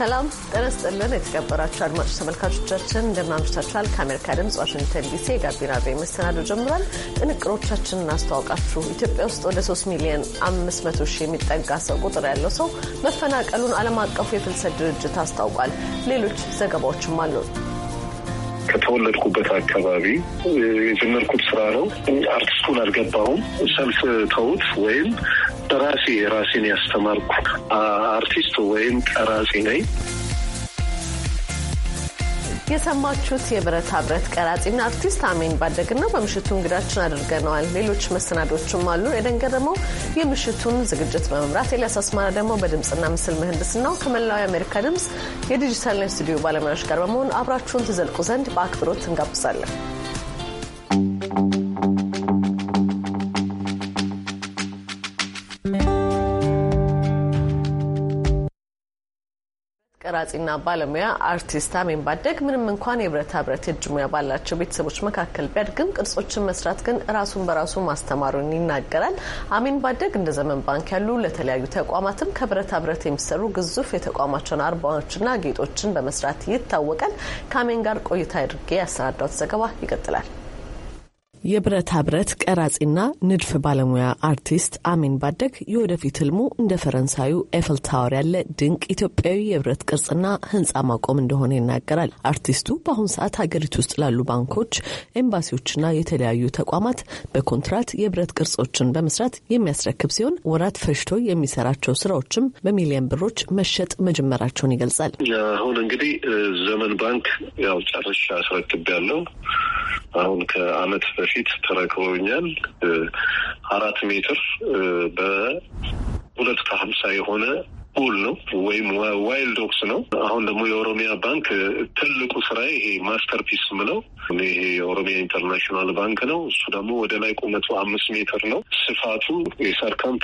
ሰላም ጤና ይስጥልን። የተከበራችሁ አድማጭ ተመልካቾቻችን እንደምን አምሽታችኋል? ከአሜሪካ ድምጽ ዋሽንግተን ዲሲ የጋቢና ቤ መሰናዶ ጀምሯል። ጥንቅሮቻችንን እናስተዋውቃችሁ። ኢትዮጵያ ውስጥ ወደ 3 ሚሊዮን 500 ሺህ የሚጠጋ ሰው ቁጥር ያለው ሰው መፈናቀሉን ዓለም አቀፉ የፍልሰት ድርጅት አስታውቋል። ሌሎች ዘገባዎችም አሉ። ከተወለድኩበት አካባቢ የጀመርኩት ስራ ነው። አርቲስቱን አልገባሁም። ሰልፍ ተውት ወይም በራሴ ራሴን ያስተማርኩ አርቲስት ወይም ቀራጺ ነኝ። የሰማችሁት የብረታ ብረት ቀራጺና አርቲስት አሜን ባደግን ነው። በምሽቱ እንግዳችን አድርገነዋል። ሌሎች መሰናዶችም አሉ። ኤደን ገረመው የምሽቱን ዝግጅት በመምራት ኤልያስ አስማራ ደግሞ በድምፅና ምስል ምህንድስናው ከመላው የአሜሪካ ድምፅ የዲጂታልና ስቱዲዮ ባለሙያዎች ጋር በመሆን አብራችሁን ትዘልቁ ዘንድ በአክብሮት እንጋብዛለን። ቀራጺና ባለሙያ አርቲስት አሜን ባደግ ምንም እንኳን የብረታ ብረት የእጅ ሙያ ባላቸው ቤተሰቦች መካከል ቢያድግም ቅርጾችን መስራት ግን ራሱን በራሱ ማስተማሩን ይናገራል። አሜን ባደግ እንደ ዘመን ባንክ ያሉ ለተለያዩ ተቋማትም ከብረታ ብረት የሚሰሩ ግዙፍ የተቋማቸውን አርባዎችና ጌጦችን በመስራት ይታወቃል። ከአሜን ጋር ቆይታ አድርጌ ያሰናዳሁት ዘገባ ይቀጥላል። የብረታ ብረት ቀራጺና ንድፍ ባለሙያ አርቲስት አሚን ባደግ የወደፊት ህልሙ እንደ ፈረንሳዩ ኤፍል ታወር ያለ ድንቅ ኢትዮጵያዊ የብረት ቅርጽና ህንፃ ማቆም እንደሆነ ይናገራል። አርቲስቱ በአሁኑ ሰዓት ሀገሪቱ ውስጥ ላሉ ባንኮች፣ ኤምባሲዎችና የተለያዩ ተቋማት በኮንትራት የብረት ቅርጾችን በመስራት የሚያስረክብ ሲሆን ወራት ፈሽቶ የሚሰራቸው ስራዎችም በሚሊዮን ብሮች መሸጥ መጀመራቸውን ይገልጻል። አሁን እንግዲህ ዘመን ባንክ ያው ጨርሼ አስረክብ ያለው አሁን ከአመት በፊት ተረክበውኛል። አራት ሜትር በሁለት ከሀምሳ የሆነ ፑል ነው ወይም ዋይልድ ኦክስ ነው። አሁን ደግሞ የኦሮሚያ ባንክ ትልቁ ስራ ይሄ ማስተርፒስ ምለው ይሄ የኦሮሚያ ኢንተርናሽናል ባንክ ነው። እሱ ደግሞ ወደ ላይ ቁመቱ አምስት ሜትር ነው። ስፋቱ የሰርከም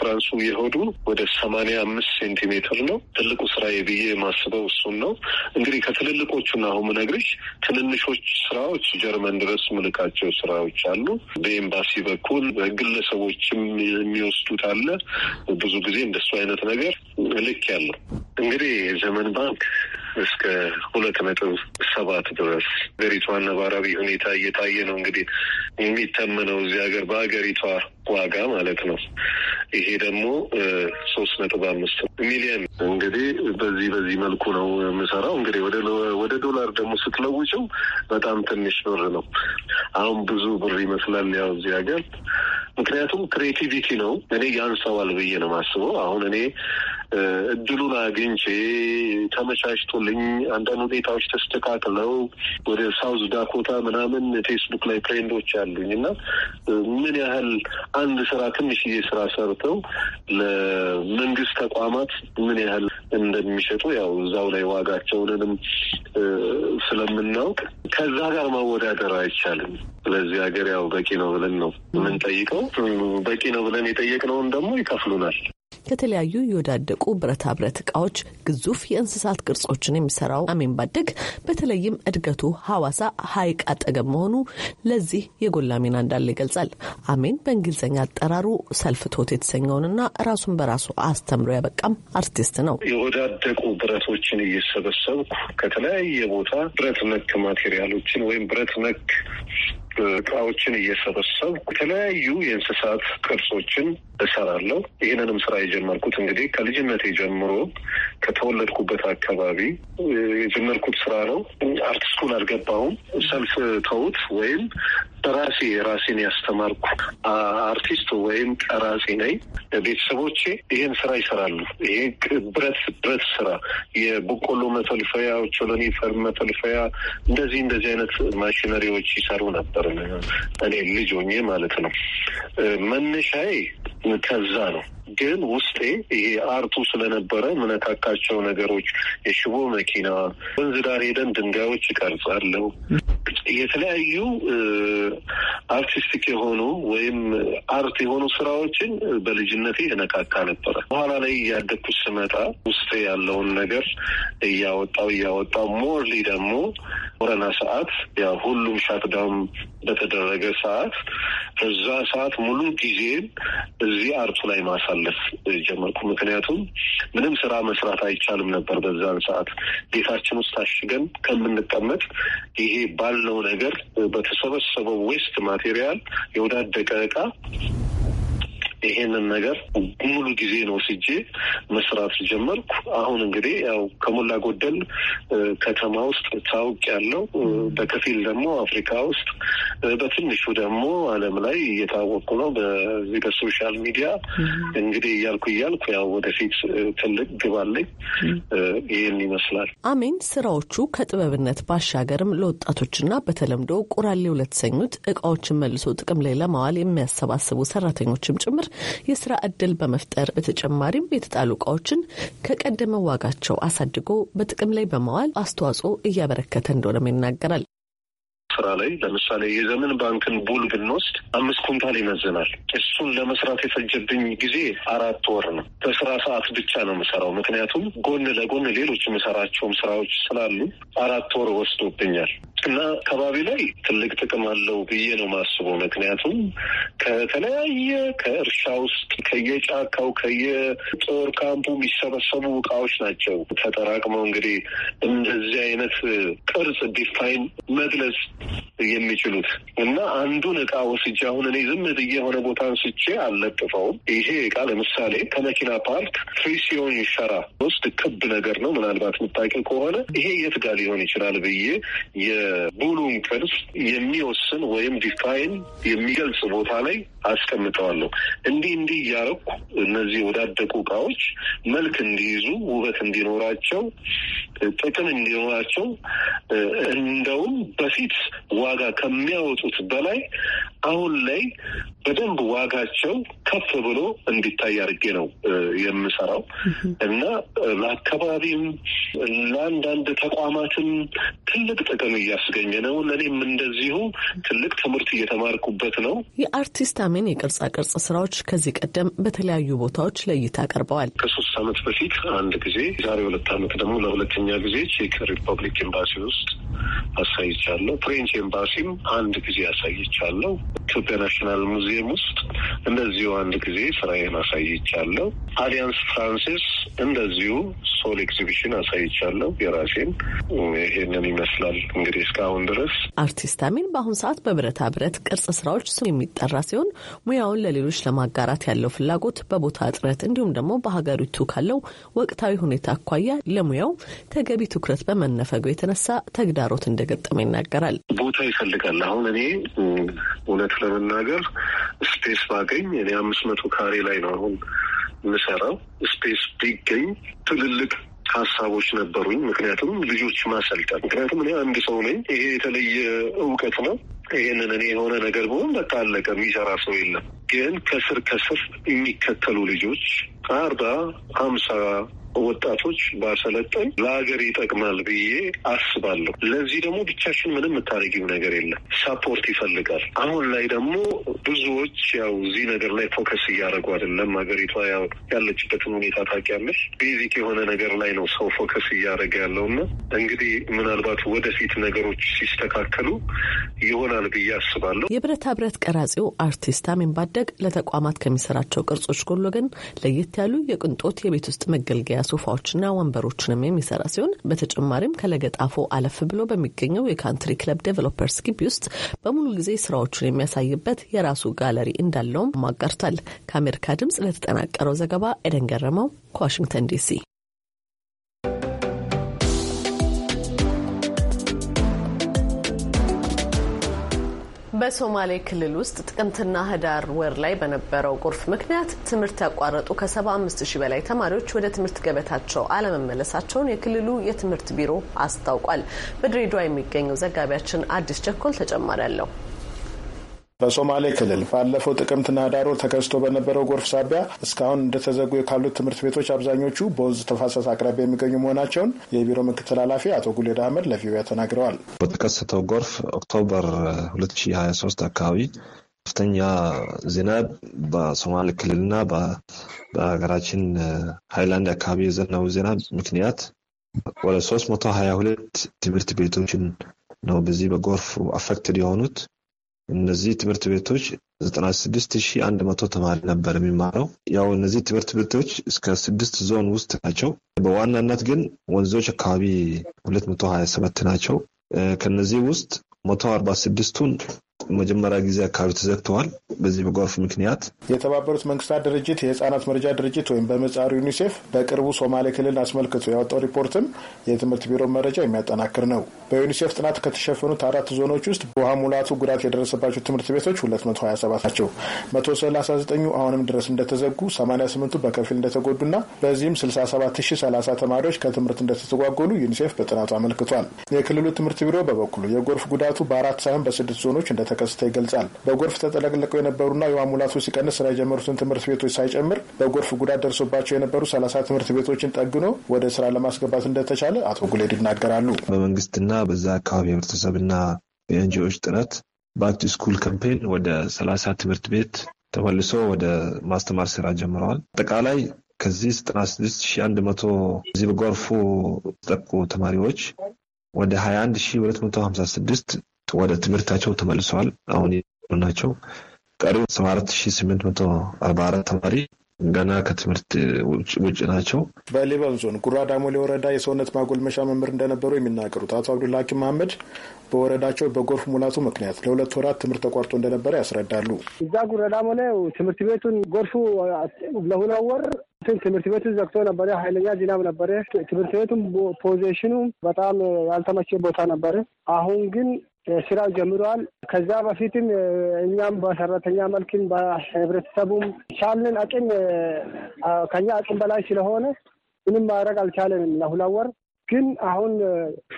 የሆዱ ወደ ሰማንያ አምስት ሴንቲሜትር ነው። ትልቁ ስራ ብዬ የማስበው እሱን ነው። እንግዲህ ከትልልቆቹና አሁን ምነግርሽ ትንንሾች ስራዎች ጀርመን ድረስ ምልካቸው ስራዎች አሉ። በኤምባሲ በኩል ግለሰቦችም የሚወስዱት አለ። ብዙ ጊዜ እንደሱ አይነት ነገር ልክ ያለው እንግዲህ የዘመን ባንክ እስከ ሁለት ነጥብ ሰባት ድረስ ሀገሪቷ ነባራዊ ሁኔታ እየታየ ነው እንግዲህ የሚተመነው እዚህ ሀገር በሀገሪቷ ዋጋ ማለት ነው። ይሄ ደግሞ ሶስት ነጥብ አምስት ሚሊየን እንግዲህ በዚህ በዚህ መልኩ ነው የምሰራው። እንግዲህ ወደ ዶላር ደግሞ ስትለውጭው በጣም ትንሽ ብር ነው። አሁን ብዙ ብር ይመስላል ያው እዚህ ሀገር ምክንያቱም ክሬቲቪቲ ነው። እኔ ያንሰዋል ብዬ ነው ማስበው አሁን እኔ እድሉን አግኝቼ ተመቻችቶልኝ አንዳንድ ሁኔታዎች ተስተካክለው ወደ ሳውዝ ዳኮታ ምናምን ፌስቡክ ላይ ፍሬንዶች አሉኝ እና ምን ያህል አንድ ስራ ትንሽዬ ስራ ሰርተው ለመንግስት ተቋማት ምን ያህል እንደሚሸጡ ያው እዛው ላይ ዋጋቸውንንም ስለምናውቅ ከዛ ጋር ማወዳደር አይቻልም። ስለዚህ ሀገር ያው በቂ ነው ብለን ነው የምንጠይቀው። በቂ ነው ብለን የጠየቅነውን ደግሞ ይከፍሉናል። ከተለያዩ የወዳደቁ ብረታ ብረት እቃዎች ግዙፍ የእንስሳት ቅርጾችን የሚሰራው አሜን ባደግ በተለይም እድገቱ ሐዋሳ ሐይቅ አጠገብ መሆኑ ለዚህ የጎላ ሚና እንዳለ ይገልጻል። አሜን በእንግሊዝኛ አጠራሩ ሰልፍ ቶት የተሰኘውንና ራሱን በራሱ አስተምሮ ያበቃም አርቲስት ነው። የወዳደቁ ብረቶችን እየሰበሰብኩ ከተለያየ ቦታ ብረት ነክ ማቴሪያሎችን ወይም ብረት ነክ እቃዎችን እየሰበሰብ የተለያዩ የእንስሳት ቅርጾችን እሰራለሁ። ይህንንም ስራ የጀመርኩት እንግዲህ ከልጅነቴ ጀምሮ ከተወለድኩበት አካባቢ የጀመርኩት ስራ ነው። አርት ስኩል አልገባሁም። ሰልፍ ተውት ወይም በራሴ ራሴን ያስተማርኩ አርቲስት ወይም ቀራጺ ነኝ። ቤተሰቦቼ ይህን ስራ ይሰራሉ። ይሄ ብረት ብረት ስራ የበቆሎ መተልፈያ፣ ኦቾሎኒ ፈር መተልፈያ እንደዚህ እንደዚህ አይነት ማሽነሪዎች ይሰሩ ነበር። ነበር እኔ ልጅ ሆኜ ማለት ነው። መነሻዬ ከዛ ነው። ግን ውስጤ ይሄ አርቱ ስለነበረ ምነካካቸው ነገሮች የሽቦ መኪና፣ ወንዝ ዳር ሄደን ድንጋዮች እቀርጻለሁ፣ የተለያዩ አርቲስቲክ የሆኑ ወይም አርት የሆኑ ስራዎችን በልጅነቴ እነካካ ነበረ። በኋላ ላይ እያደግኩ ስመጣ ውስጥ ያለውን ነገር እያወጣው እያወጣው ሞርሊ ደግሞ ወረና ሰዓት ያ ሁሉም ሻትዳውን በተደረገ ሰዓት እዛ ሰዓት ሙሉ ጊዜን እዚህ አርቱ ላይ ማሳለፍ ጀመርኩ። ምክንያቱም ምንም ስራ መስራት አይቻልም ነበር በዛን ሰዓት ቤታችን ውስጥ አሽገን ከምንቀመጥ ይሄ ባለው ነገር በተሰበሰበው ዌስት ማቴሪያል የወዳደቀ እቃ ይሄንን ነገር ሙሉ ጊዜ ነው ስጄ መስራት ጀመርኩ። አሁን እንግዲህ ያው ከሞላ ጎደል ከተማ ውስጥ ታውቅ ያለው በከፊል ደግሞ አፍሪካ ውስጥ በትንሹ ደግሞ ዓለም ላይ እየታወቁ ነው። በዚህ በሶሻል ሚዲያ እንግዲህ እያልኩ እያልኩ ያው ወደፊት ትልቅ ግባለኝ ይህን ይመስላል። አሜን ስራዎቹ ከጥበብነት ባሻገርም ለወጣቶችና በተለምዶ ቁራሌው ለተሰኙት እቃዎችን መልሶ ጥቅም ላይ ለማዋል የሚያሰባስቡ ሰራተኞችም ጭምር የስራ እድል በመፍጠር በተጨማሪም የተጣሉ እቃዎችን ከቀደመ ዋጋቸው አሳድጎ በጥቅም ላይ በማዋል አስተዋጽኦ እያበረከተ እንደሆነም ይናገራል። ስራ ላይ ለምሳሌ የዘመን ባንክን ቡል ብንወስድ አምስት ኩንታል ይመዝናል። እሱን ለመስራት የፈጀብኝ ጊዜ አራት ወር ነው። በስራ ሰዓት ብቻ ነው የምሰራው፣ ምክንያቱም ጎን ለጎን ሌሎች የምሰራቸውም ስራዎች ስላሉ አራት ወር ወስዶብኛል እና አካባቢ ላይ ትልቅ ጥቅም አለው ብዬ ነው ማስቦ ምክንያቱም ከተለያየ ከእርሻ ውስጥ ከየጫካው ከየጦር ካምፑ የሚሰበሰቡ እቃዎች ናቸው ተጠራቅመው እንግዲህ እንደዚህ አይነት ቅርጽ ዲፋይን መግለጽ የሚችሉት እና አንዱን እቃ ወስጄ አሁን እኔ ዝም ብዬ የሆነ ቦታ አንስቼ አልለጥፈውም። ይሄ እቃ ለምሳሌ ከመኪና ፓርክ ፍሪሲዮን ይሰራ ውስጥ ክብ ነገር ነው። ምናልባት የምታውቂው ከሆነ ይሄ የት ጋር ሊሆን ይችላል ብዬ የቡሉን ቅርጽ የሚወስን ወይም ዲፋይን የሚገልጽ ቦታ ላይ አስቀምጠዋለሁ። እንዲህ እንዲህ እያረኩ እነዚህ የወዳደቁ እቃዎች መልክ እንዲይዙ፣ ውበት እንዲኖራቸው፣ ጥቅም እንዲኖራቸው እንደውም በፊት ዋጋ ከሚያወጡት በላይ አሁን ላይ በደንብ ዋጋቸው ከፍ ብሎ እንዲታይ አድርጌ ነው የምሰራው እና ለአካባቢም ለአንዳንድ ተቋማትም ትልቅ ጥቅም እያስገኘ ነው። ለእኔም እንደዚሁ ትልቅ ትምህርት እየተማርኩበት ነው። የአርቲስት የሰሜን የቅርጻ ቅርጽ ስራዎች ከዚህ ቀደም በተለያዩ ቦታዎች ለእይታ ቀርበዋል። ከሶስት ዓመት በፊት አንድ ጊዜ፣ ዛሬ ሁለት ዓመት ደግሞ ለሁለተኛ ጊዜ ቼክ ሪፐብሊክ ኤምባሲ ውስጥ አሳይቻለሁ። ፍሬንች ኤምባሲም አንድ ጊዜ አሳይቻለሁ። ኢትዮጵያ ናሽናል ሙዚየም ውስጥ እንደዚሁ አንድ ጊዜ ስራዬን አሳይቻለሁ። አሊያንስ ፍራንሲስ እንደዚሁ ሶል ኤግዚቢሽን አሳይቻለሁ የራሴን ይሄንን ይመስላል እንግዲህ እስካሁን ድረስ። አርቲስት አሚን በአሁን ሰዓት በብረታ ብረት ቅርጽ ስራዎች ስም የሚጠራ ሲሆን ሙያውን ለሌሎች ለማጋራት ያለው ፍላጎት በቦታ እጥረት እንዲሁም ደግሞ በሀገሪቱ ካለው ወቅታዊ ሁኔታ አኳያ ለሙያው ተገቢ ትኩረት በመነፈገው የተነሳ ተግዳሮት እንደገጠመ ይናገራል። ቦታ ይፈልጋል። አሁን እኔ እውነት ለመናገር ስፔስ ባገኝ እኔ አምስት መቶ ካሬ ላይ ነው አሁን ምሰራው ስፔስ ቢገኝ ትልልቅ ሀሳቦች ነበሩኝ። ምክንያቱም ልጆች ማሰልጠን ምክንያቱም እኔ አንድ ሰው ነኝ። ይሄ የተለየ እውቀት ነው። ይህንን እኔ የሆነ ነገር በሆን በቃ አለቀ፣ የሚሰራ ሰው የለም። ግን ከስር ከስር የሚከተሉ ልጆች አርባ ሀምሳ ወጣቶች ባሰለጠን ለሀገር ይጠቅማል ብዬ አስባለሁ። ለዚህ ደግሞ ብቻችን ምንም የምታደርጊው ነገር የለም፣ ሳፖርት ይፈልጋል። አሁን ላይ ደግሞ ብዙዎች ያው እዚህ ነገር ላይ ፎከስ እያደረጉ አይደለም። ሀገሪቷ ያው ያለችበትን ሁኔታ ታውቂያለሽ። ቤዚክ የሆነ ነገር ላይ ነው ሰው ፎከስ እያደረገ ያለው ያለውና እንግዲህ ምናልባት ወደፊት ነገሮች ሲስተካከሉ ይሆናል ብዬ አስባለሁ። የብረታ ብረት ቀራጺው አርቲስት አሜን ባደግ ለተቋማት ከሚሰራቸው ቅርጾች ጎሎ ግን ለየት ለየት ያሉ የቅንጦት የቤት ውስጥ መገልገያ ሶፋዎችና ወንበሮችንም የሚሰራ ሲሆን በተጨማሪም ከለገጣፎ አለፍ ብሎ በሚገኘው የካንትሪ ክለብ ዴቨሎፐርስ ግቢ ውስጥ በሙሉ ጊዜ ስራዎቹን የሚያሳይበት የራሱ ጋለሪ እንዳለውም አጋርቷል። ከአሜሪካ ድምጽ ለተጠናቀረው ዘገባ ኤደን ገረመው ከዋሽንግተን ዲሲ በሶማሌ ክልል ውስጥ ጥቅምትና ህዳር ወር ላይ በነበረው ጎርፍ ምክንያት ትምህርት ያቋረጡ ከ75 ሺህ በላይ ተማሪዎች ወደ ትምህርት ገበታቸው አለመመለሳቸውን የክልሉ የትምህርት ቢሮ አስታውቋል። በድሬዳዋ የሚገኘው ዘጋቢያችን አዲስ ቸኮል ተጨማሪ አለው። በሶማሌ ክልል ባለፈው ጥቅምትና ዳሮ ተከስቶ በነበረው ጎርፍ ሳቢያ እስካሁን እንደተዘጉ ካሉት ትምህርት ቤቶች አብዛኞቹ በወንዝ ተፋሰስ አቅራቢያ የሚገኙ መሆናቸውን የቢሮ ምክትል ኃላፊ አቶ ጉሌድ አህመድ ለቪኦኤ ተናግረዋል። በተከሰተው ጎርፍ ኦክቶበር 2023 አካባቢ ከፍተኛ ዝናብ በሶማሌ ክልልና በሀገራችን ሃይላንድ አካባቢ የዘነበው ዝናብ ምክንያት ወደ 322 ትምህርት ቤቶችን ነው በዚህ በጎርፍ አፌክትድ የሆኑት እነዚህ ትምህርት ቤቶች 96100 ተማሪ ነበር የሚማረው። ያው እነዚህ ትምህርት ቤቶች እስከ ስድስት ዞን ውስጥ ናቸው። በዋናነት ግን ወንዞች አካባቢ 227 ናቸው። ከነዚህ ውስጥ 146ቱን መጀመሪያ ጊዜ አካባቢ ተዘግተዋል። በዚህ በጎርፍ ምክንያት የተባበሩት መንግስታት ድርጅት የህጻናት መረጃ ድርጅት ወይም በምህጻሩ ዩኒሴፍ በቅርቡ ሶማሌ ክልል አስመልክቶ ያወጣው ሪፖርትም የትምህርት ቢሮ መረጃ የሚያጠናክር ነው። በዩኒሴፍ ጥናት ከተሸፈኑት አራት ዞኖች ውስጥ በውሃ ሙላቱ ጉዳት የደረሰባቸው ትምህርት ቤቶች 227 ናቸው። 139 አሁንም ድረስ እንደተዘጉ፣ 88ቱ በከፊል እንደተጎዱና በዚህም 67030 ተማሪዎች ከትምህርት እንደተተጓጎሉ ዩኒሴፍ በጥናቱ አመልክቷል። የክልሉ ትምህርት ቢሮ በበኩሉ የጎርፍ ጉዳቱ በአራት ሳይሆን በስድስት ዞኖች እንደተ ተከስቶ ይገልጻል። በጎርፍ ተጠለቅልቀው የነበሩና የውሃ ሙላቱ ሲቀንስ ስራ የጀመሩትን ትምህርት ቤቶች ሳይጨምር በጎርፍ ጉዳት ደርሶባቸው የነበሩ ሰላሳ ትምህርት ቤቶችን ጠግኖ ወደ ስራ ለማስገባት እንደተቻለ አቶ ጉሌድ ይናገራሉ። በመንግስትና በዛ አካባቢ ህብረተሰብና የኤንጂኦዎች ጥረት ባክ ቱ ስኩል ካምፔን ወደ ሰላሳ ትምህርት ቤት ተመልሶ ወደ ማስተማር ስራ ጀምረዋል። አጠቃላይ ከዚህ 96100 እዚህ በጎርፉ ተጠቁ ተማሪዎች ወደ 21256 ወደ ትምህርታቸው ተመልሰዋል። አሁን ናቸው። ቀሪው 74844 ተማሪ ገና ከትምህርት ውጭ ናቸው። በሊበን ዞን ጉራ ዳሞሌ ወረዳ የሰውነት ማጎልመሻ መምህር እንደነበሩ የሚናገሩት አቶ አብዱላ ሀኪም መሀመድ በወረዳቸው በጎርፍ ሙላቱ ምክንያት ለሁለት ወራት ትምህርት ተቋርጦ እንደነበረ ያስረዳሉ። እዛ ጉራ ዳሞሌ ትምህርት ቤቱን ጎርፉ ለሁለት ወር ትምህርት ቤቱ ዘግቶ ነበረ። ኃይለኛ ዝናብ ነበረ። ትምህርት ቤቱም ፖዚሽኑ በጣም ያልተመቼ ቦታ ነበረ። አሁን ግን ስራው ጀምረዋል። ከዛ በፊትም እኛም በሰራተኛ መልክም በህብረተሰቡም ቻልን አቅም ከኛ አቅም በላይ ስለሆነ ምንም ማድረግ አልቻለንም ለሁለት ወር ግን አሁን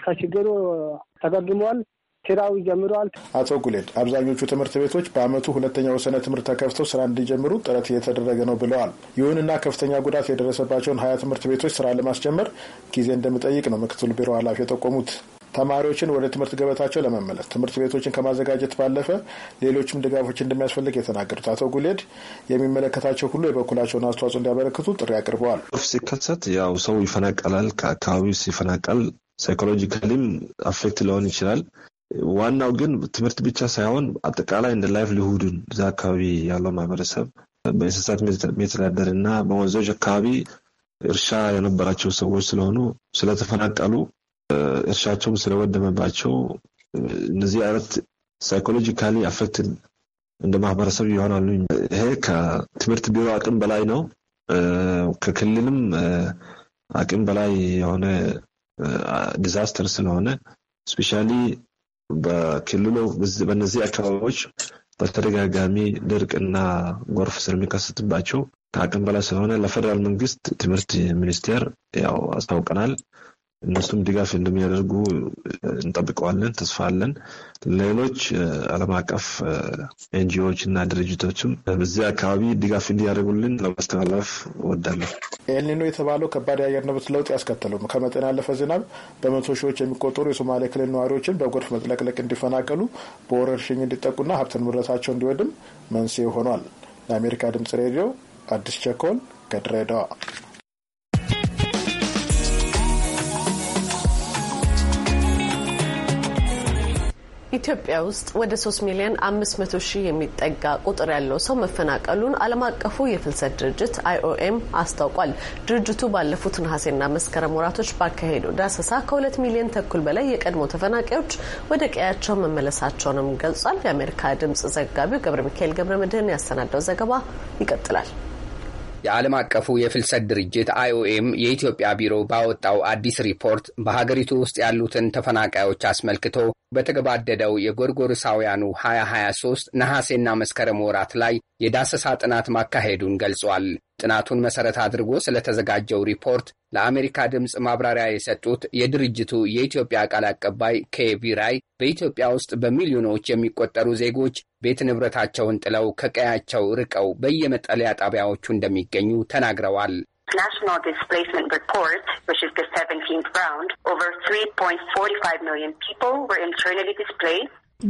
ከችግሩ ተገግሟል። ስራው ጀምረዋል። አቶ ጉሌድ አብዛኞቹ ትምህርት ቤቶች በአመቱ ሁለተኛ ወሰነ ትምህርት ተከፍተው ስራ እንዲጀምሩ ጥረት እየተደረገ ነው ብለዋል። ይሁንና ከፍተኛ ጉዳት የደረሰባቸውን ሀያ ትምህርት ቤቶች ስራ ለማስጀመር ጊዜ እንደሚጠይቅ ነው ምክትል ቢሮ ኃላፊ የጠቆሙት። ተማሪዎችን ወደ ትምህርት ገበታቸው ለመመለስ ትምህርት ቤቶችን ከማዘጋጀት ባለፈ ሌሎችም ድጋፎች እንደሚያስፈልግ የተናገሩት አቶ ጉሌድ የሚመለከታቸው ሁሉ የበኩላቸውን አስተዋጽኦ እንዲያበረክቱ ጥሪ አቅርበዋል። ሲከሰት ያው ሰው ይፈናቀላል። ከአካባቢው ሲፈናቀል ሳይኮሎጂካሊም አፌክት ሊሆን ይችላል። ዋናው ግን ትምህርት ብቻ ሳይሆን አጠቃላይ እንደ ላይፍ ሊሁድን እዛ አካባቢ ያለው ማህበረሰብ በእንስሳት የሚተዳደር እና በወንዞች አካባቢ እርሻ የነበራቸው ሰዎች ስለሆኑ ስለተፈናቀሉ እርሻቸውም ስለወደመባቸው እነዚህ አይነት ሳይኮሎጂካሊ አፌክትድ እንደ ማህበረሰብ ይሆናሉ። ይሄ ከትምህርት ቢሮ አቅም በላይ ነው። ከክልልም አቅም በላይ የሆነ ዲዛስተር ስለሆነ ስፔሻሊ በክልሉ በእነዚህ አካባቢዎች በተደጋጋሚ ድርቅና ጎርፍ ስለሚከሰትባቸው ከአቅም በላይ ስለሆነ ለፌደራል መንግስት ትምህርት ሚኒስቴር ያው አስታውቀናል። እነሱም ድጋፍ እንደሚያደርጉ እንጠብቀዋለን፣ ተስፋ አለን። ሌሎች ዓለም አቀፍ ኤንጂኦዎች እና ድርጅቶችም በዚህ አካባቢ ድጋፍ እንዲያደርጉልን ለማስተላለፍ እወዳለሁ። ኤልኒኖ የተባለው ከባድ የአየር ንብረት ለውጥ ያስከተለው ከመጠን ያለፈ ዝናብ በመቶ ሺዎች የሚቆጠሩ የሶማሌ ክልል ነዋሪዎችን በጎርፍ መጥለቅለቅ እንዲፈናቀሉ፣ በወረርሽኝ እንዲጠቁና ሀብትን ንብረታቸው እንዲወድም መንስኤ ሆኗል። ለአሜሪካ ድምጽ ሬዲዮ አዲስ ቸኮል ከድሬዳዋ ኢትዮጵያ ውስጥ ወደ 3 ሚሊዮን 500 ሺህ የሚጠጋ ቁጥር ያለው ሰው መፈናቀሉን ዓለም አቀፉ የፍልሰት ድርጅት አይኦኤም አስታውቋል። ድርጅቱ ባለፉት ነሐሴና መስከረም ወራቶች ባካሄደው ዳሰሳ ከ2 ሚሊዮን ተኩል በላይ የቀድሞ ተፈናቃዮች ወደ ቀያቸው መመለሳቸውንም ገልጿል። የአሜሪካ ድምጽ ዘጋቢው ገብረ ሚካኤል ገብረ መድህን ያሰናዳው ዘገባ ይቀጥላል። የዓለም አቀፉ የፍልሰት ድርጅት አይኦኤም የኢትዮጵያ ቢሮ ባወጣው አዲስ ሪፖርት በሀገሪቱ ውስጥ ያሉትን ተፈናቃዮች አስመልክቶ በተገባደደው የጎርጎርሳውያኑ 2023 ነሐሴና መስከረም ወራት ላይ የዳሰሳ ጥናት ማካሄዱን ገልጿል። ጥናቱን መሰረት አድርጎ ስለተዘጋጀው ሪፖርት ለአሜሪካ ድምፅ ማብራሪያ የሰጡት የድርጅቱ የኢትዮጵያ ቃል አቀባይ ኬቪ ራይ በኢትዮጵያ ውስጥ በሚሊዮኖች የሚቆጠሩ ዜጎች ቤት ንብረታቸውን ጥለው ከቀያቸው ርቀው በየመጠለያ ጣቢያዎቹ እንደሚገኙ ተናግረዋል። ናሽናል ዲስፕሌይስመንት ሪፖርት ዊች ኢዝ ዘ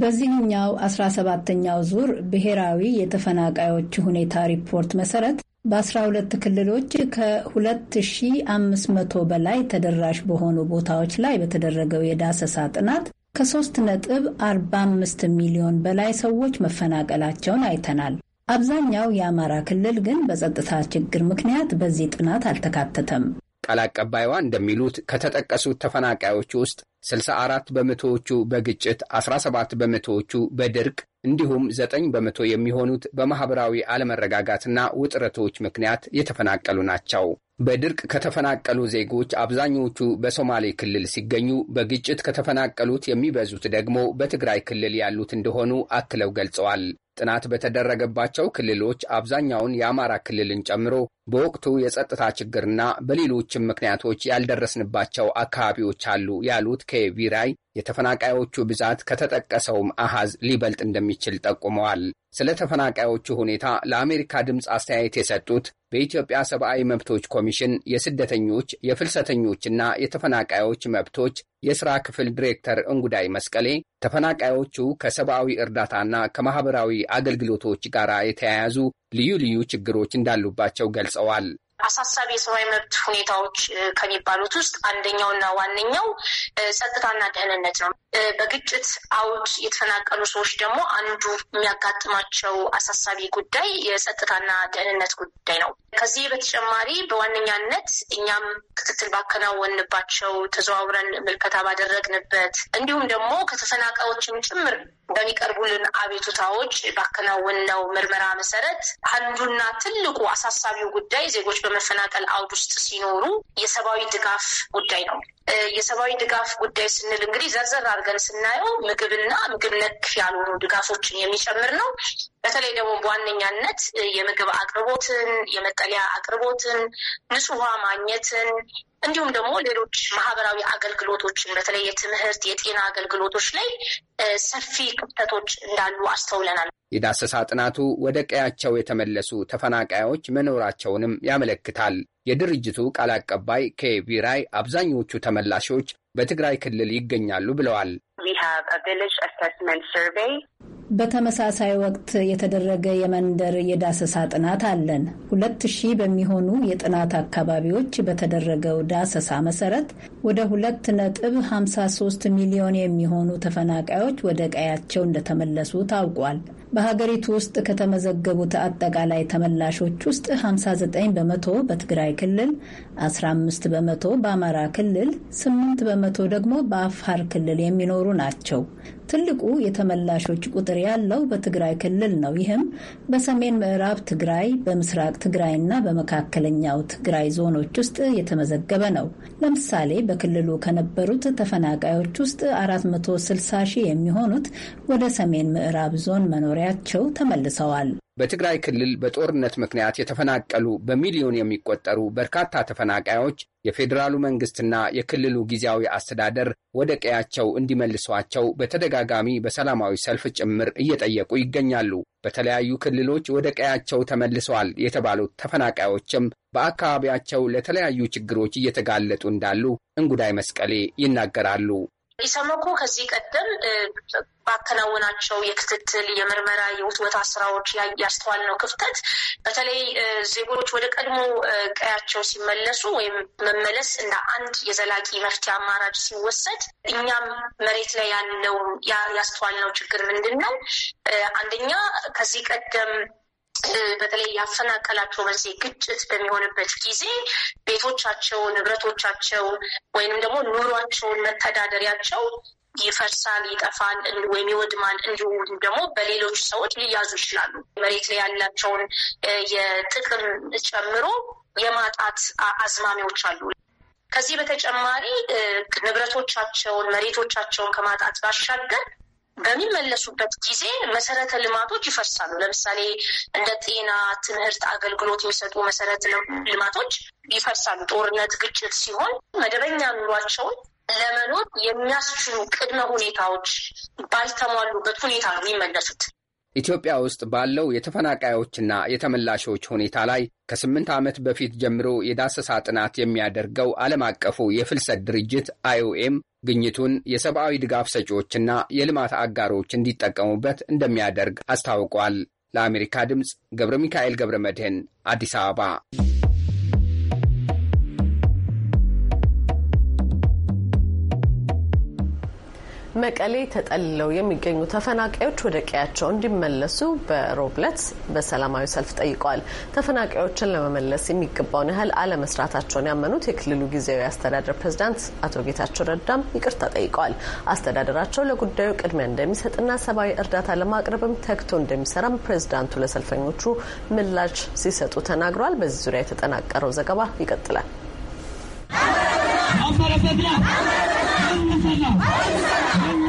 በዚህኛው 17ተኛው ዙር ብሔራዊ የተፈናቃዮች ሁኔታ ሪፖርት መሰረት በ12 ክልሎች ከ2500 በላይ ተደራሽ በሆኑ ቦታዎች ላይ በተደረገው የዳሰሳ ጥናት ከ3.45 ሚሊዮን በላይ ሰዎች መፈናቀላቸውን አይተናል። አብዛኛው የአማራ ክልል ግን በጸጥታ ችግር ምክንያት በዚህ ጥናት አልተካተተም። ቃል አቀባይዋ እንደሚሉት ከተጠቀሱት ተፈናቃዮች ውስጥ 64 በመቶዎቹ በግጭት፣ 17 በመቶዎቹ በድርቅ እንዲሁም 9 በመቶ የሚሆኑት በማኅበራዊ አለመረጋጋትና ውጥረቶች ምክንያት የተፈናቀሉ ናቸው። በድርቅ ከተፈናቀሉ ዜጎች አብዛኞቹ በሶማሌ ክልል ሲገኙ በግጭት ከተፈናቀሉት የሚበዙት ደግሞ በትግራይ ክልል ያሉት እንደሆኑ አክለው ገልጸዋል። ጥናት በተደረገባቸው ክልሎች አብዛኛውን የአማራ ክልልን ጨምሮ በወቅቱ የጸጥታ ችግርና በሌሎችም ምክንያቶች ያልደረስንባቸው አካባቢዎች አሉ ያሉት ከቪራይ የተፈናቃዮቹ ብዛት ከተጠቀሰውም አሃዝ ሊበልጥ እንደሚችል ጠቁመዋል። ስለ ተፈናቃዮቹ ሁኔታ ለአሜሪካ ድምፅ አስተያየት የሰጡት በኢትዮጵያ ሰብአዊ መብቶች ኮሚሽን የስደተኞች የፍልሰተኞችና የተፈናቃዮች መብቶች የሥራ ክፍል ዲሬክተር እንጉዳይ መስቀሌ ተፈናቃዮቹ ከሰብአዊ እርዳታና ከማኅበራዊ አገልግሎቶች ጋር የተያያዙ ልዩ ልዩ ችግሮች እንዳሉባቸው ገልጸዋል። አሳሳቢ የሰብአዊ መብት ሁኔታዎች ከሚባሉት ውስጥ አንደኛውና ዋነኛው ጸጥታና ደህንነት ነው። በግጭት አውድ የተፈናቀሉ ሰዎች ደግሞ አንዱ የሚያጋጥማቸው አሳሳቢ ጉዳይ የጸጥታና ደህንነት ጉዳይ ነው። ከዚህ በተጨማሪ በዋነኛነት እኛም ክትትል ባከናወንባቸው ተዘዋውረን ምልከታ ባደረግንበት እንዲሁም ደግሞ ከተፈናቃዮችም ጭምር በሚቀርቡልን አቤቱታዎች ባከናወንነው ምርመራ መሰረት አንዱና ትልቁ አሳሳቢው ጉዳይ ዜጎች በመፈናቀል አውድ ውስጥ ሲኖሩ የሰብአዊ ድጋፍ ጉዳይ ነው። የሰብአዊ ድጋፍ ጉዳይ ስንል እንግዲህ ዘርዘር አድርገን ስናየው ምግብና ምግብ ነክ ያልሆኑ ድጋፎችን የሚጨምር ነው። በተለይ ደግሞ በዋነኛነት የምግብ አቅርቦትን፣ የመጠለያ አቅርቦትን፣ ንጹህ ውሃ ማግኘትን እንዲሁም ደግሞ ሌሎች ማህበራዊ አገልግሎቶችን በተለይ የትምህርት፣ የጤና አገልግሎቶች ላይ ሰፊ ክፍተቶች እንዳሉ አስተውለናል። የዳሰሳ ጥናቱ ወደ ቀያቸው የተመለሱ ተፈናቃዮች መኖራቸውንም ያመለክታል። የድርጅቱ ቃል አቀባይ ከቪራይ አብዛኞቹ ተመላሾች በትግራይ ክልል ይገኛሉ ብለዋል። በተመሳሳይ ወቅት የተደረገ የመንደር የዳሰሳ ጥናት አለን። ሁለት ሺህ በሚሆኑ የጥናት አካባቢዎች በተደረገው ዳሰሳ መሰረት ወደ ሁለት ነጥብ ሀምሳ ሶስት ሚሊዮን የሚሆኑ ተፈናቃዮች ወደ ቀያቸው እንደተመለሱ ታውቋል። በሀገሪቱ ውስጥ ከተመዘገቡት አጠቃላይ ተመላሾች ውስጥ 59 በመቶ በትግራይ ክልል፣ 15 በመቶ በአማራ ክልል፣ 8 በመቶ ደግሞ በአፋር ክልል የሚኖሩ ናቸው። ትልቁ የተመላሾች ቁጥር ያለው በትግራይ ክልል ነው። ይህም በሰሜን ምዕራብ ትግራይ፣ በምስራቅ ትግራይ እና በመካከለኛው ትግራይ ዞኖች ውስጥ የተመዘገበ ነው። ለምሳሌ በክልሉ ከነበሩት ተፈናቃዮች ውስጥ 460 ሺህ የሚሆኑት ወደ ሰሜን ምዕራብ ዞን መኖሪያቸው ተመልሰዋል። በትግራይ ክልል በጦርነት ምክንያት የተፈናቀሉ በሚሊዮን የሚቆጠሩ በርካታ ተፈናቃዮች የፌዴራሉ መንግስትና የክልሉ ጊዜያዊ አስተዳደር ወደ ቀያቸው እንዲመልሷቸው በተደጋጋሚ በሰላማዊ ሰልፍ ጭምር እየጠየቁ ይገኛሉ። በተለያዩ ክልሎች ወደ ቀያቸው ተመልሰዋል የተባሉት ተፈናቃዮችም በአካባቢያቸው ለተለያዩ ችግሮች እየተጋለጡ እንዳሉ እንጉዳይ መስቀሌ ይናገራሉ። ኢሰመኮ ከዚህ ቀደም ባከናወናቸው የክትትል የምርመራ የውትወታ ስራዎች ያስተዋልነው ክፍተት በተለይ ዜጎች ወደ ቀድሞ ቀያቸው ሲመለሱ ወይም መመለስ እንደ አንድ የዘላቂ መፍትሄ አማራጭ ሲወሰድ እኛም መሬት ላይ ያለው ያስተዋልነው ችግር ምንድን ነው? አንደኛ ከዚህ ቀደም በተለይ ያፈናቀላቸው መንስኤ ግጭት በሚሆንበት ጊዜ ቤቶቻቸው፣ ንብረቶቻቸው ወይንም ደግሞ ኑሯቸውን መተዳደሪያቸው ይፈርሳል፣ ይጠፋል ወይም ይወድማል። እንዲሁም ደግሞ በሌሎች ሰዎች ሊያዙ ይችላሉ። መሬት ላይ ያላቸውን የጥቅም ጨምሮ የማጣት አዝማሚዎች አሉ። ከዚህ በተጨማሪ ንብረቶቻቸውን፣ መሬቶቻቸውን ከማጣት ባሻገር በሚመለሱበት ጊዜ መሰረተ ልማቶች ይፈርሳሉ። ለምሳሌ እንደ ጤና፣ ትምህርት አገልግሎት የሚሰጡ መሰረተ ልማቶች ይፈርሳሉ። ጦርነት፣ ግጭት ሲሆን መደበኛ ኑሯቸውን ለመኖር የሚያስችሉ ቅድመ ሁኔታዎች ባልተሟሉበት ሁኔታ ነው የሚመለሱት። ኢትዮጵያ ውስጥ ባለው የተፈናቃዮችና የተመላሾች ሁኔታ ላይ ከስምንት ዓመት በፊት ጀምሮ የዳሰሳ ጥናት የሚያደርገው ዓለም አቀፉ የፍልሰት ድርጅት አይኦኤም ግኝቱን የሰብአዊ ድጋፍ ሰጪዎችና የልማት አጋሮች እንዲጠቀሙበት እንደሚያደርግ አስታውቋል። ለአሜሪካ ድምፅ ገብረ ሚካኤል ገብረ መድህን አዲስ አበባ መቀሌ ተጠልለው የሚገኙ ተፈናቃዮች ወደ ቀያቸው እንዲመለሱ በሮብለት በሰላማዊ ሰልፍ ጠይቀዋል። ተፈናቃዮችን ለመመለስ የሚገባውን ያህል አለመስራታቸውን ያመኑት የክልሉ ጊዜያዊ አስተዳደር ፕሬዚዳንት አቶ ጌታቸው ረዳም ይቅርታ ጠይቀዋል። አስተዳደራቸው ለጉዳዩ ቅድሚያ እንደሚሰጥና ሰብአዊ እርዳታ ለማቅረብም ተግቶ እንደሚሰራም ፕሬዚዳንቱ ለሰልፈኞቹ ምላሽ ሲሰጡ ተናግረዋል። በዚህ ዙሪያ የተጠናቀረው ዘገባ ይቀጥላል። আমরা বেদরা আমরা বেদরা আমরা বেদরা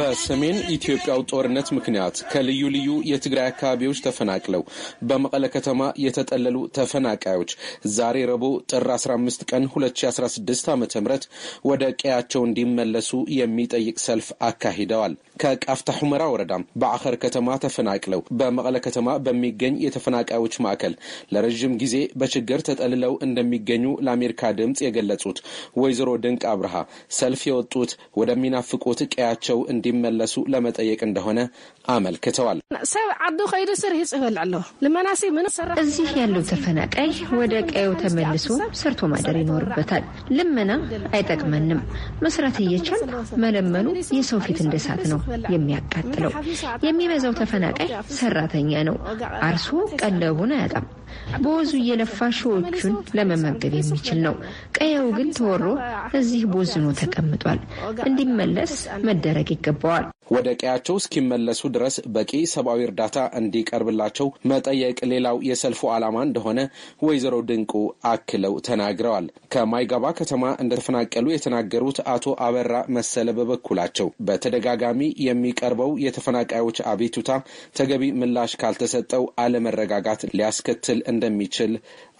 በሰሜን ኢትዮጵያው ጦርነት ምክንያት ከልዩ ልዩ የትግራይ አካባቢዎች ተፈናቅለው በመቀለ ከተማ የተጠለሉ ተፈናቃዮች ዛሬ ረቡዕ ጥር 15 ቀን 2016 ዓ ም ወደ ቀያቸው እንዲመለሱ የሚጠይቅ ሰልፍ አካሂደዋል። ከቃፍታ ሁመራ ወረዳም በአኸር ከተማ ተፈናቅለው በመቀለ ከተማ በሚገኝ የተፈናቃዮች ማዕከል ለረዥም ጊዜ በችግር ተጠልለው እንደሚገኙ ለአሜሪካ ድምፅ የገለጹት ወይዘሮ ድንቅ አብርሃ ሰልፍ የወጡት ወደሚናፍቁት ቀያቸው እንዲ እንዲመለሱ ለመጠየቅ እንደሆነ አመልክተዋል። ሰብ ዓዱ ከይዱ ስርሂፅ ይበል ኣሎ ልመናሲ ምን እዚህ ያለው ተፈናቃይ ወደ ቀዩ ተመልሶ ሰርቶ ማደር ይኖርበታል። ልመና አይጠቅመንም። መስራት እየቻል መለመኑ የሰው ፊት እንደ እሳት ነው የሚያቃጥለው። የሚበዛው ተፈናቃይ ሰራተኛ ነው። አርሶ ቀለቡን አያጣም። በወዙ እየለፋ ሺዎቹን ለመመገብ የሚችል ነው። ቀየው ግን ተወሮ እዚህ ቦዝኖ ተቀምጧል። እንዲመለስ መደረግ ይገባዋል። ወደ ቀያቸው እስኪመለሱ ድረስ በቂ ሰብአዊ እርዳታ እንዲቀርብላቸው መጠየቅ ሌላው የሰልፉ ዓላማ እንደሆነ ወይዘሮ ድንቁ አክለው ተናግረዋል። ከማይጋባ ከተማ እንደተፈናቀሉ የተናገሩት አቶ አበራ መሰለ በበኩላቸው በተደጋጋሚ የሚቀርበው የተፈናቃዮች አቤቱታ ተገቢ ምላሽ ካልተሰጠው አለመረጋጋት ሊያስከትል ሊያስከትል እንደሚችል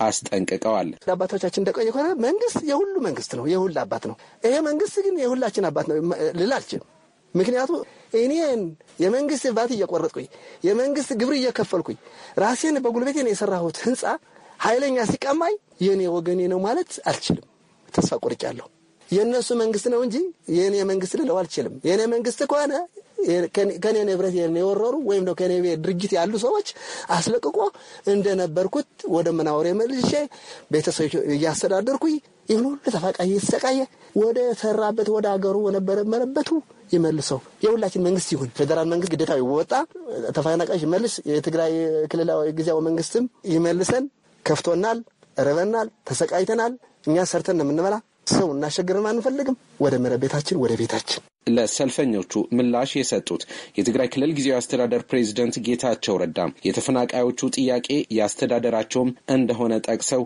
አስጠንቅቀዋል። አባቶቻችን እንደቆየ ከሆነ መንግስት የሁሉ መንግስት ነው፣ የሁሉ አባት ነው። ይሄ መንግስት ግን የሁላችን አባት ነው ልል አልችልም። ምክንያቱ እኔን የመንግስት ባት እየቆረጥኩኝ የመንግስት ግብር እየከፈልኩኝ ራሴን በጉልበቴ ነው የሰራሁት ህንፃ ኃይለኛ ሲቀማኝ የእኔ ወገኔ ነው ማለት አልችልም። ተስፋ ቆርጫለሁ። የእነሱ መንግስት ነው እንጂ የእኔ መንግስት ልለው አልችልም። የእኔ መንግስት ከሆነ ከኔ ንብረት የወረሩ ወይም ነው ከኔ ቤት ድርጅት ያሉ ሰዎች አስለቅቆ እንደነበርኩት ወደ መናወሬ መልሼ ቤተሰቦች እያስተዳደርኩኝ ይህን ሁሉ ተፈቃይ የተሰቃየ ወደ ሰራበት ወደ ሀገሩ ነበረ መረበቱ ይመልሰው የሁላችን መንግስት ይሁን። ፌዴራል መንግስት ግዴታ ይወጣ ተፈናቃዮች ይመልስ። የትግራይ ክልላዊ ጊዜያዊ መንግስትም ይመልሰን። ከፍቶናል፣ ረበናል፣ ተሰቃይተናል። እኛ ሰርተን ነው የምንበላ ሰው እናሸግርም አንፈልግም። ወደ መረብ ቤታችን ወደ ቤታችን። ለሰልፈኞቹ ምላሽ የሰጡት የትግራይ ክልል ጊዜያዊ አስተዳደር ፕሬዚደንት ጌታቸው ረዳም የተፈናቃዮቹ ጥያቄ የአስተዳደራቸውም እንደሆነ ጠቅሰው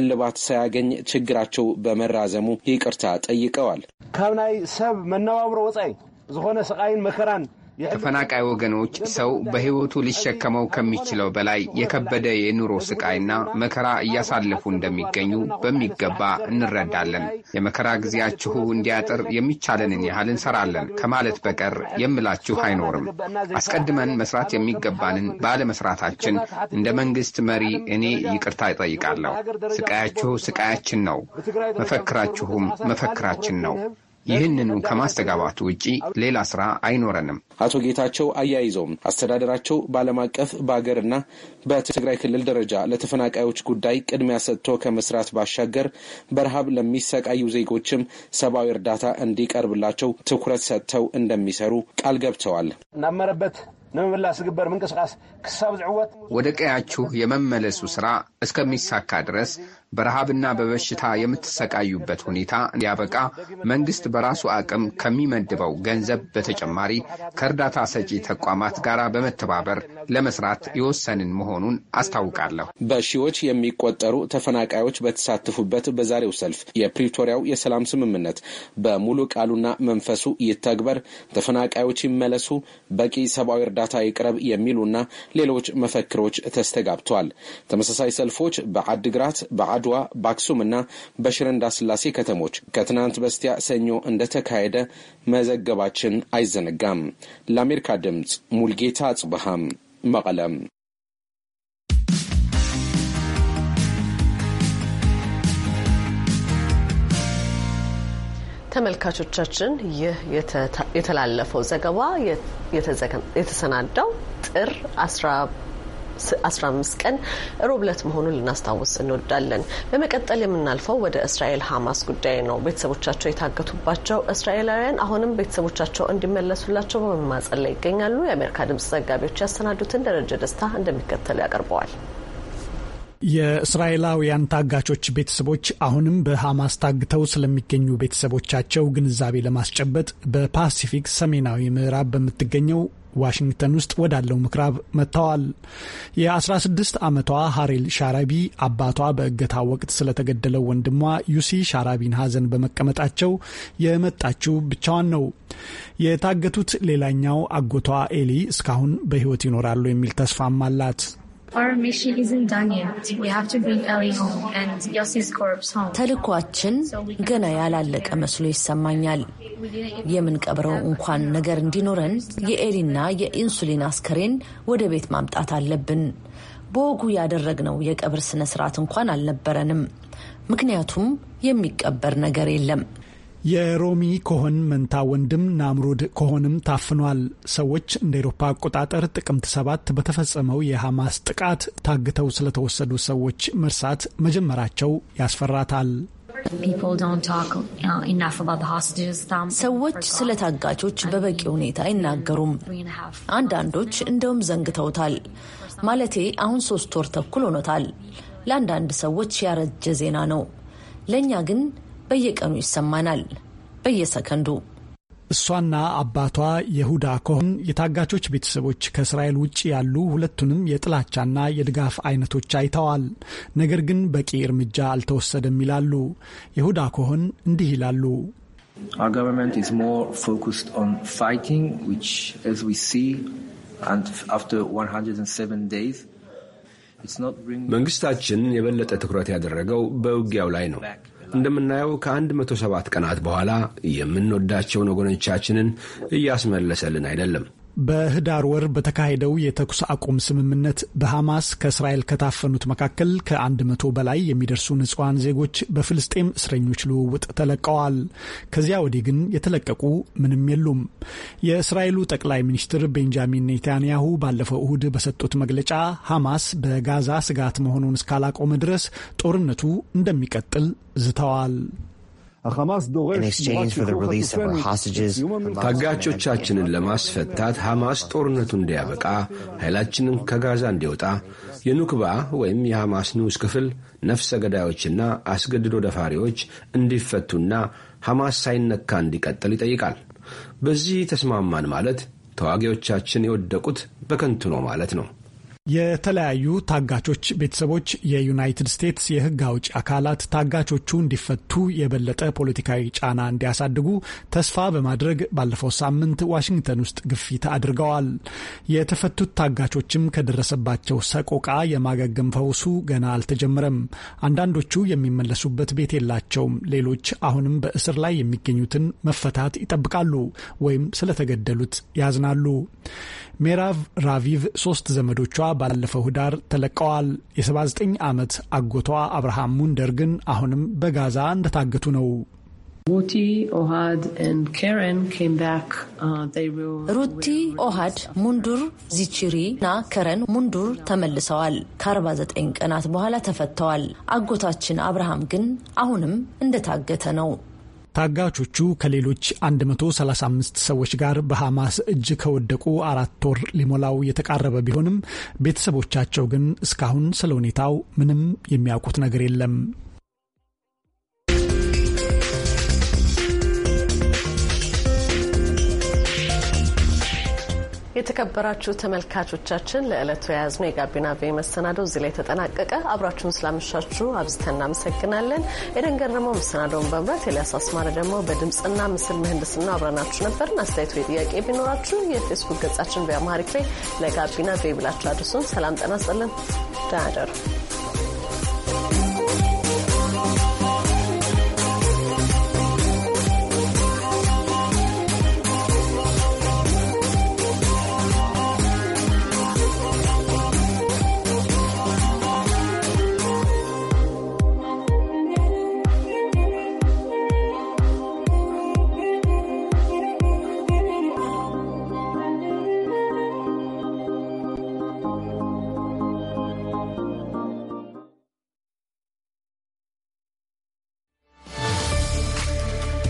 እልባት ሳያገኝ ችግራቸው በመራዘሙ ይቅርታ ጠይቀዋል። ካብ ናይ ሰብ መነባብሮ ወፃኢ ዝኾነ ስቃይን መከራን ተፈናቃይ ወገኖች ሰው በሕይወቱ ሊሸከመው ከሚችለው በላይ የከበደ የኑሮ ስቃይና መከራ እያሳለፉ እንደሚገኙ በሚገባ እንረዳለን። የመከራ ጊዜያችሁ እንዲያጥር የሚቻለንን ያህል እንሰራለን ከማለት በቀር የምላችሁ አይኖርም። አስቀድመን መስራት የሚገባንን ባለመስራታችን እንደ መንግስት መሪ እኔ ይቅርታ ይጠይቃለሁ። ስቃያችሁ ስቃያችን ነው፣ መፈክራችሁም መፈክራችን ነው። ይህንኑ ከማስተጋባቱ ውጪ ሌላ ስራ አይኖረንም። አቶ ጌታቸው አያይዘውም አስተዳደራቸው በዓለም አቀፍ በሀገርና በትግራይ ክልል ደረጃ ለተፈናቃዮች ጉዳይ ቅድሚያ ሰጥቶ ከመስራት ባሻገር በረሃብ ለሚሰቃዩ ዜጎችም ሰብአዊ እርዳታ እንዲቀርብላቸው ትኩረት ሰጥተው እንደሚሰሩ ቃል ገብተዋል። ናመረበት ንምምላስ ዝግበር ምንቅስቃስ ክሳብ ዝዕወት ወደ ቀያችሁ የመመለሱ ስራ እስከሚሳካ ድረስ በረሃብና በበሽታ የምትሰቃዩበት ሁኔታ እንዲያበቃ መንግስት በራሱ አቅም ከሚመድበው ገንዘብ በተጨማሪ ከእርዳታ ሰጪ ተቋማት ጋር በመተባበር ለመስራት የወሰንን መሆኑን አስታውቃለሁ። በሺዎች የሚቆጠሩ ተፈናቃዮች በተሳተፉበት በዛሬው ሰልፍ የፕሪቶሪያው የሰላም ስምምነት በሙሉ ቃሉና መንፈሱ ይተግበር፣ ተፈናቃዮች ይመለሱ፣ በቂ ሰብአዊ እርዳታ ይቅረብ የሚሉና ሌሎች መፈክሮች ተስተጋብተዋል። ተመሳሳይ ሰልፎች በአድግራት በአድ በአድዋ በአክሱምና በሽረ እንዳስላሴ ከተሞች ከትናንት በስቲያ ሰኞ እንደተካሄደ መዘገባችን አይዘነጋም። ለአሜሪካ ድምፅ ሙልጌታ አጽብሃም መቀለም ተመልካቾቻችን ይህ የተላለፈው ዘገባ የተሰናዳው ጥር 1 15 ቀን ሮብ ዕለት መሆኑን ልናስታውስ እንወዳለን። በመቀጠል የምናልፈው ወደ እስራኤል ሀማስ ጉዳይ ነው። ቤተሰቦቻቸው የታገቱባቸው እስራኤላውያን አሁንም ቤተሰቦቻቸው እንዲመለሱላቸው በመማጸን ላይ ይገኛሉ። የአሜሪካ ድምጽ ዘጋቢዎች ያሰናዱትን ደረጀ ደስታ እንደሚከተሉ ያቀርበዋል። የእስራኤላውያን ታጋቾች ቤተሰቦች አሁንም በሐማስ ታግተው ስለሚገኙ ቤተሰቦቻቸው ግንዛቤ ለማስጨበጥ በፓሲፊክ ሰሜናዊ ምዕራብ በምትገኘው ዋሽንግተን ውስጥ ወዳለው ምክራብ መጥተዋል። የ16 ዓመቷ ሀሬል ሻራቢ አባቷ በእገታ ወቅት ስለተገደለው ወንድሟ ዩሲ ሻራቢን ሐዘን በመቀመጣቸው የመጣችው ብቻዋን ነው። የታገቱት ሌላኛው አጎቷ ኤሊ እስካሁን በሕይወት ይኖራሉ የሚል ተስፋም አላት። ተልኳችን ገና ያላለቀ መስሎ ይሰማኛል። የምንቀብረው እንኳን ነገር እንዲኖረን የኤሊና የኢንሱሊን አስከሬን ወደ ቤት ማምጣት አለብን። በወጉ ያደረግነው የቀብር ስነ ስርዓት እንኳን አልነበረንም፣ ምክንያቱም የሚቀበር ነገር የለም። የሮሚ ኮሆን መንታ ወንድም ናምሩድ ኮሆንም ታፍኗል። ሰዎች እንደ ኤሮፓ አቆጣጠር ጥቅምት ሰባት በተፈጸመው የሐማስ ጥቃት ታግተው ስለተወሰዱ ሰዎች መርሳት መጀመራቸው ያስፈራታል። uh, ሰዎች ስለ ታጋቾች በበቂ ሁኔታ አይናገሩም። አንዳንዶች እንደውም ዘንግተውታል። ማለቴ አሁን ሶስት ወር ተኩል ሆኖታል። ለአንዳንድ ሰዎች ያረጀ ዜና ነው። ለእኛ ግን በየቀኑ ይሰማናል፣ በየሰከንዱ። እሷና አባቷ የሁዳ ኮሆን የታጋቾች ቤተሰቦች ከእስራኤል ውጭ ያሉ ሁለቱንም የጥላቻና የድጋፍ አይነቶች አይተዋል፣ ነገር ግን በቂ እርምጃ አልተወሰደም ይላሉ። የሁዳ ኮሆን እንዲህ ይላሉ። መንግስታችን የበለጠ ትኩረት ያደረገው በውጊያው ላይ ነው። እንደምናየው ከ ሰባት ቀናት በኋላ የምንወዳቸውን ወገኖቻችንን እያስመለሰልን አይደለም። በህዳር ወር በተካሄደው የተኩስ አቁም ስምምነት በሐማስ ከእስራኤል ከታፈኑት መካከል ከአንድ መቶ በላይ የሚደርሱ ንጹሐን ዜጎች በፍልስጤም እስረኞች ልውውጥ ተለቀዋል። ከዚያ ወዲህ ግን የተለቀቁ ምንም የሉም። የእስራኤሉ ጠቅላይ ሚኒስትር ቤንጃሚን ኔታንያሁ ባለፈው እሁድ በሰጡት መግለጫ ሐማስ በጋዛ ስጋት መሆኑን እስካላቆመ ድረስ ጦርነቱ እንደሚቀጥል ዝተዋል። ታጋቾቻችንን ለማስፈታት ሐማስ ጦርነቱ እንዲያበቃ ኃይላችንን ከጋዛ እንዲወጣ የኑክባ ወይም የሐማስ ንዑስ ክፍል ነፍሰ ገዳዮችና አስገድዶ ደፋሪዎች እንዲፈቱና ሐማስ ሳይነካ እንዲቀጥል ይጠይቃል። በዚህ ተስማማን ማለት ተዋጊዎቻችን የወደቁት በከንቱ ነው ማለት ነው። የተለያዩ ታጋቾች ቤተሰቦች የዩናይትድ ስቴትስ የሕግ አውጪ አካላት ታጋቾቹ እንዲፈቱ የበለጠ ፖለቲካዊ ጫና እንዲያሳድጉ ተስፋ በማድረግ ባለፈው ሳምንት ዋሽንግተን ውስጥ ግፊት አድርገዋል። የተፈቱት ታጋቾችም ከደረሰባቸው ሰቆቃ የማገገም ፈውሱ ገና አልተጀመረም። አንዳንዶቹ የሚመለሱበት ቤት የላቸውም። ሌሎች አሁንም በእስር ላይ የሚገኙትን መፈታት ይጠብቃሉ ወይም ስለተገደሉት ያዝናሉ። ሜራቭ ራቪቭ ሶስት ዘመዶቿ ባለፈው ህዳር ተለቀዋል። የ79 ዓመት አጎቷ አብርሃም ሙንደር ግን አሁንም በጋዛ እንደታገቱ ነው። ሩቲ ኦሃድ uh, ሙንዱር ዚቺሪ እና ከረን ሙንዱር ተመልሰዋል። ከ49 ቀናት በኋላ ተፈተዋል። አጎታችን አብርሃም ግን አሁንም እንደታገተ ነው። ታጋቾቹ ከሌሎች 135 ሰዎች ጋር በሐማስ እጅ ከወደቁ አራት ወር ሊሞላው የተቃረበ ቢሆንም ቤተሰቦቻቸው ግን እስካሁን ስለ ሁኔታው ምንም የሚያውቁት ነገር የለም። የተከበራችሁ ተመልካቾቻችን ለዕለቱ የያዝነው የጋቢና ቬ መሰናዶው እዚህ ላይ ተጠናቀቀ። አብራችሁን ስላመሻችሁ አብዝተን እናመሰግናለን። ኤደን ገረመው መሰናዶውን በመምራት ኤልያስ አስማረ ደግሞ በድምፅና ምስል ምህንድስና አብረናችሁ ነበርን። አስተያየት ወይ ጥያቄ ቢኖራችሁ የፌስቡክ ገጻችን በአማሪክ ላይ ለጋቢና ቬ ብላችሁ አድርሱን። ሰላም ጠና ስጥልን። ደህና ደሩ